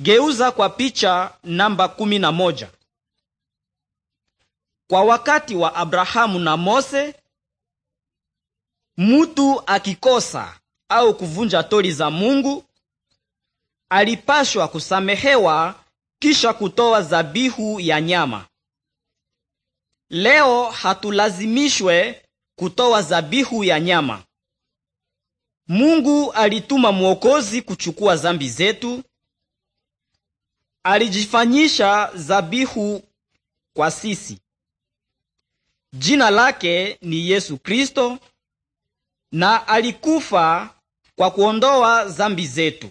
Geuza kwa picha namba kumi na moja. Kwa wakati wa Abrahamu na Mose, mtu akikosa au kuvunja toli za Mungu alipashwa kusamehewa kisha kutoa zabihu ya nyama. Leo hatulazimishwe kutoa zabihu ya nyama. Mungu alituma mwokozi kuchukua zambi zetu alijifanyisha zabihu kwa sisi. Jina lake ni Yesu Kristo na alikufa kwa kuondoa zambi zetu.